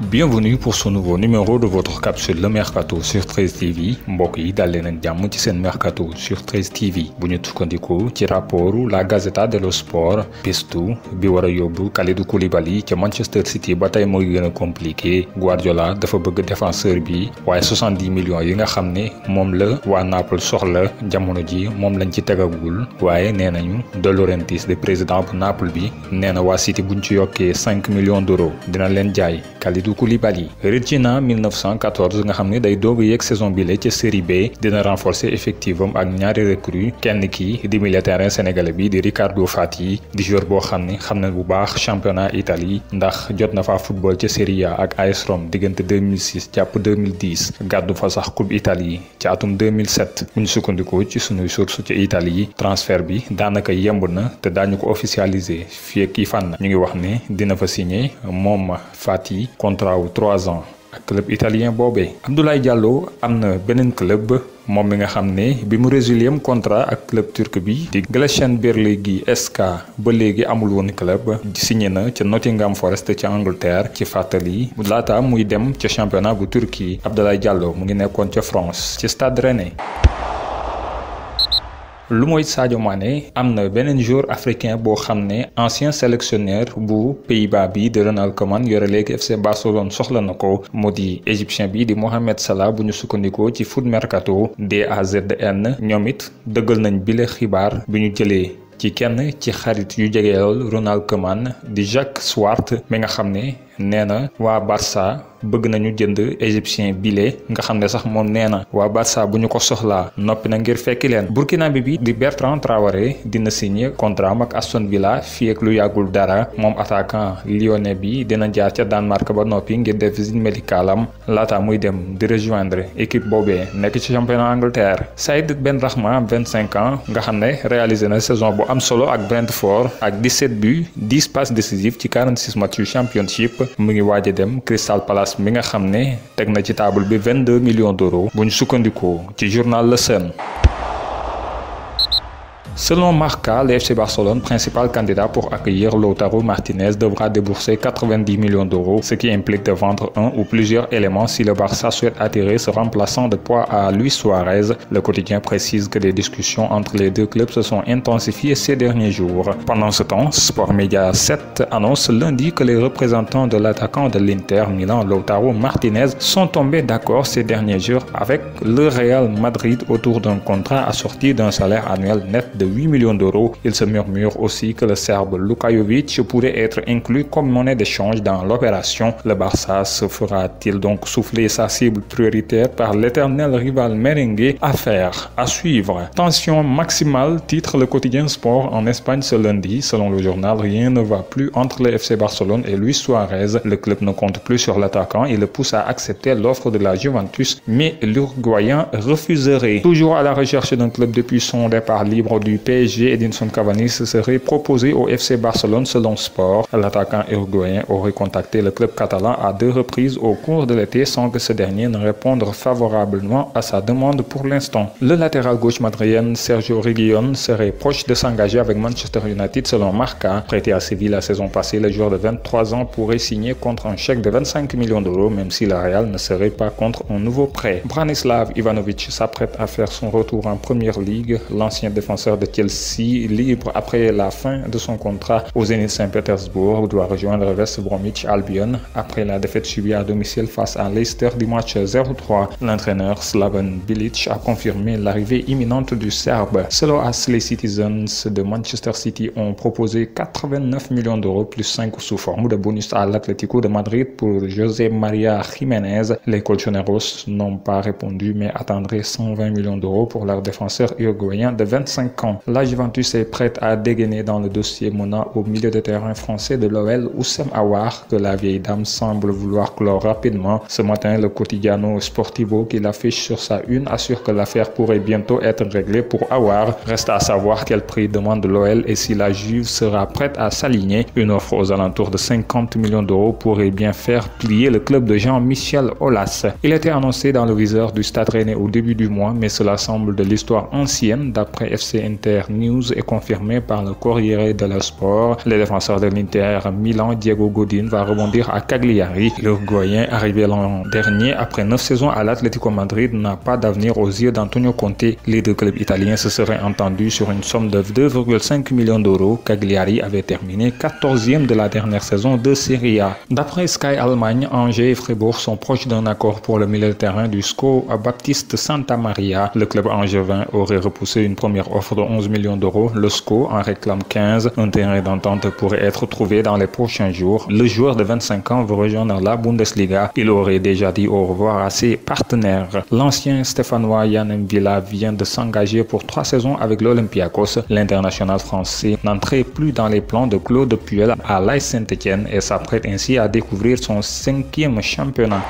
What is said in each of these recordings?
bienvenue pour ce nouveau numéro de votre capsule le mercato sur 13 TV Mboki yi dal ci mercato sur 13 TV bu ñu tukkandikoo ci rapportu la Gazzetta dello Sport pistu bi Yobu, yobbu Koulibaly Manchester City ba tey mooy compliqué Guardiola dafa bëgg défenseur bi 70 millions yi nga xamné mom la Naples soxla jamono ji mom lañ ci tegagul nenañu De Laurentiis de président de Naples bi City buñ ci 5 millions d'euros dina leen jaay Kalidou Koulibaly Regina 1914 nga xam ne day doog a yegg saison bi la ca série B dina renforcer effectif am ak ñaari recrue kenn ki di militaire sénégalais bi di Riccardo Fati di joueur boo xam ne xam na bu baax championnat Italie ndax jot na fa football ca Serie A ak AS Rome diggante 2006 jàpp 2010 gàddu fa sax coupe Italie ci atum 2007 bu ñu sukkandikoo ci sunuy source ca Italie transfert bi daanaka yemb na te daañu ko officialiser fi ak i fànn ñu ngi wax ni dina fa signé moom Fati contrat wu trois ans ak club italien boobee Abdoulaye jàlloo am na beneen club moom mi nga xam ne bi mu résilier am contrat ak club turc bi di Galatasaray SK ba léegi amul woon club signé na ca Nottingham Forest ca Angleterre ci fàttali laata muy dem ca championnat bu Turquie Abdoulaye jàlloo mu ngi nekkoon ca France ci Stade Rennais. lu mois Sadio Mané amna benen joueur africain bo xamné ancien sélectionneur bu Pays-Bas bi de Ronald Koeman yore FC Barcelone soxla Modi, égyptien bi di Mohamed Salah bu ñu sukkandikoo ci Foot Mercato DAZN ñomit it dëggal nañ bile xibaar bi ñu ci kenn ci xarit Ronald Koeman di Jacques Swart mi nga Nena wa Barça bëgg nañu jënd égyptien bile nga xam sax mom nee wa Barça bu ñu ko soxlaa na ngir fekki di Bertrand Traoré dina signé contrat ak Aston Villa fi ak lu yagul dara mom attaquant lyonnais bi dina jaar ci Danemark ba nopi ngir def visite médicale lata Mouidem, muy dem di rejoindre équipe bobé nek ci championnat Angleterre. Saïd Benrahma 25 ans nga réalise une na saison bu am solo ak Brentford ak 17 buts 10 passes décisives ci 46 matchs yu championship. mu ngi waaj a dem Crystal Palace bi nga xam ne teg na ci taabal bi deux millions d'euros bu ñu sukkandikoo ci journal la Sun Selon Marca, l'FC Barcelone, principal candidat pour accueillir Lautaro Martinez, devra débourser 90 millions d'euros, ce qui implique de vendre un ou plusieurs éléments si le Barça souhaite attirer ce remplaçant de poids à Luis Suarez. Le quotidien précise que des discussions entre les deux clubs se sont intensifiées ces derniers jours. Pendant ce temps, Sport Media 7 annonce lundi que les représentants de l'attaquant de l'Inter Milan, Lautaro Martinez, sont tombés d'accord ces derniers jours avec le Real Madrid autour d'un contrat assorti d'un salaire annuel net de 8 millions d'euros. Il se murmure aussi que le Serbe Lukajovic pourrait être inclus comme monnaie d'échange dans l'opération. Le Barça se fera-t-il donc souffler sa cible prioritaire par l'éternel rival merengue Affaire faire, à suivre Tension maximale, titre le quotidien sport en Espagne ce lundi. Selon le journal, rien ne va plus entre le FC Barcelone et Luis Suarez. Le club ne compte plus sur l'attaquant et le pousse à accepter l'offre de la Juventus, mais l'Uruguayen refuserait. Toujours à la recherche d'un club depuis son départ libre du PSG Edinson Cavani se serait proposé au FC Barcelone selon Sport. L'attaquant uruguayen aurait contacté le club catalan à deux reprises au cours de l'été sans que ce dernier ne réponde favorablement à sa demande pour l'instant. Le latéral gauche madrienne Sergio Reguilón serait proche de s'engager avec Manchester United selon Marca. Prêté à Séville la saison passée, le joueur de 23 ans pourrait signer contre un chèque de 25 millions d'euros même si la Real ne serait pas contre un nouveau prêt. Branislav Ivanovic s'apprête à faire son retour en première ligue. L'ancien défenseur de Kelsey Chelsea, libre après la fin de son contrat au Zénith Saint-Pétersbourg, doit rejoindre West Bromwich Albion après la défaite subie à domicile face à Leicester du match 0-3. L'entraîneur Slaven Bilic a confirmé l'arrivée imminente du Serbe. Selon As, Citizens de Manchester City ont proposé 89 millions d'euros plus 5 sous forme de bonus à l'Atlético de Madrid pour José Maria Jiménez. Les Colchoneros n'ont pas répondu mais attendraient 120 millions d'euros pour leur défenseur uruguayen de 25 ans. La Juventus est prête à dégainer dans le dossier Mona au milieu de terrain français de l'OL Oussem Awar que la vieille dame semble vouloir clore rapidement. Ce matin, le quotidiano Sportivo qui l'affiche sur sa une assure que l'affaire pourrait bientôt être réglée pour Awar. Reste à savoir quel prix demande l'OL et si la Juve sera prête à s'aligner. Une offre aux alentours de 50 millions d'euros pourrait bien faire plier le club de Jean-Michel Aulas. Il était annoncé dans le viseur du Stade Rennais au début du mois, mais cela semble de l'histoire ancienne d'après FCNT News est confirmé par le Corriere dello Sport. Le défenseur de l'Inter Milan, Diego Godin, va rebondir à Cagliari. Le Goyen, arrivé l'an dernier après neuf saisons à l'Atlético Madrid, n'a pas d'avenir aux yeux d'Antonio Conte. Les deux clubs italiens se seraient entendus sur une somme de 2,5 millions d'euros. Cagliari avait terminé 14e de la dernière saison de Serie A. D'après Sky Allemagne, Angers et Fribourg sont proches d'un accord pour le milieu de terrain du SCO à Baptiste Santa Maria. Le club angevin aurait repoussé une première offre 11 millions d'euros. Le SCO en réclame 15. Un terrain d'entente pourrait être trouvé dans les prochains jours. Le joueur de 25 ans veut rejoindre la Bundesliga. Il aurait déjà dit au revoir à ses partenaires. L'ancien Stéphanois Yann Villa vient de s'engager pour trois saisons avec l'Olympiakos. L'international français n'entrait plus dans les plans de Claude Puel à l'Aïs Saint-Etienne et s'apprête ainsi à découvrir son cinquième championnat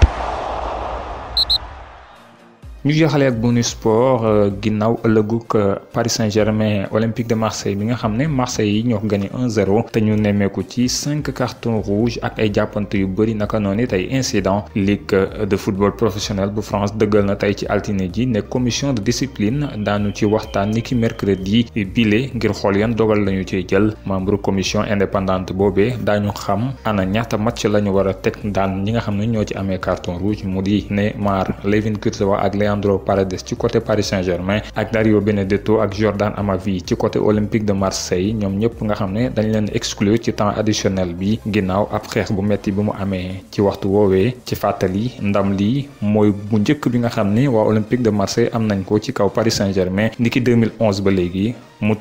ñu jeexalee ak bonus sport euh, ginnaaw ëllëgug euh, Paris Saint-Germain Olympique de Marseille bi nga xam ne Marseille yi ñoo ko gagné 1-0 te ñu nemmeeku ci cinq cartons rouges ak ay jàppante yu bëri naka noonu tey incident ligue euh, de football professionnel bu France dëggal na tey ci altine ji ne commission de discipline daanu ci waxtaan ni ki mercredi bile ngir xool yan dogal lañu ci jël membre commission indépendante boobee daañu xam ana ñaata match lañu ñu war a teg daan ñi nga xam ne ñoo ci amee carton rouge mu di Levin Leverkusen ak Leandro Paredes ci côté Paris Saint-Germain ak Dario Benedetto ak Jordan Amavi ci côté Olympique de Marseille ñom ñep nga xamné dañ leen exclure ci temps additionnel bi ginnaw après xex bu metti bu mu amé ci waxtu wowe ci fatali ndam li moy bu bi nga xamné wa Olympique de Marseille am nañ ko ci Paris Saint-Germain niki 2011 ba légui mu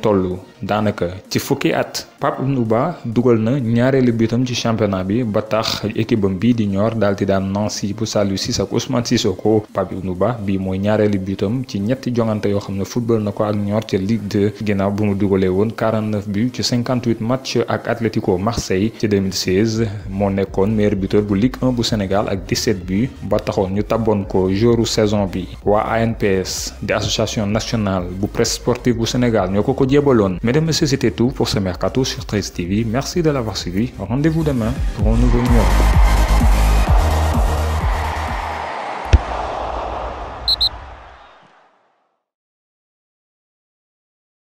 daanaka ci fukki at Pape nouba dougal dugal na ñaareelu bitam ci championnat bi ba tax équipe bi di Nancy bu Salou Ciss ak Ousmane Sissoko Pape nouba bi bii mooy bitam ci ñetti jongante yo football na ko ak ñor Ligue 2 ginaaw bu mu dugalee won 49 buts ci 58 matchs ak Atlético Marseille ci 2016 mo meilleur buteur bu Ligue 1 bu Sénégal ak 17 buts ba taxoon ñu jour ko jouru saison bi wa ANPS di association nationale bu presse sportive bu Sénégal ñoko ko Mesdames, Messieurs, c'était tout pour ce Mercato sur 13 TV. Merci de l'avoir suivi. Rendez-vous demain pour un nouveau numéro.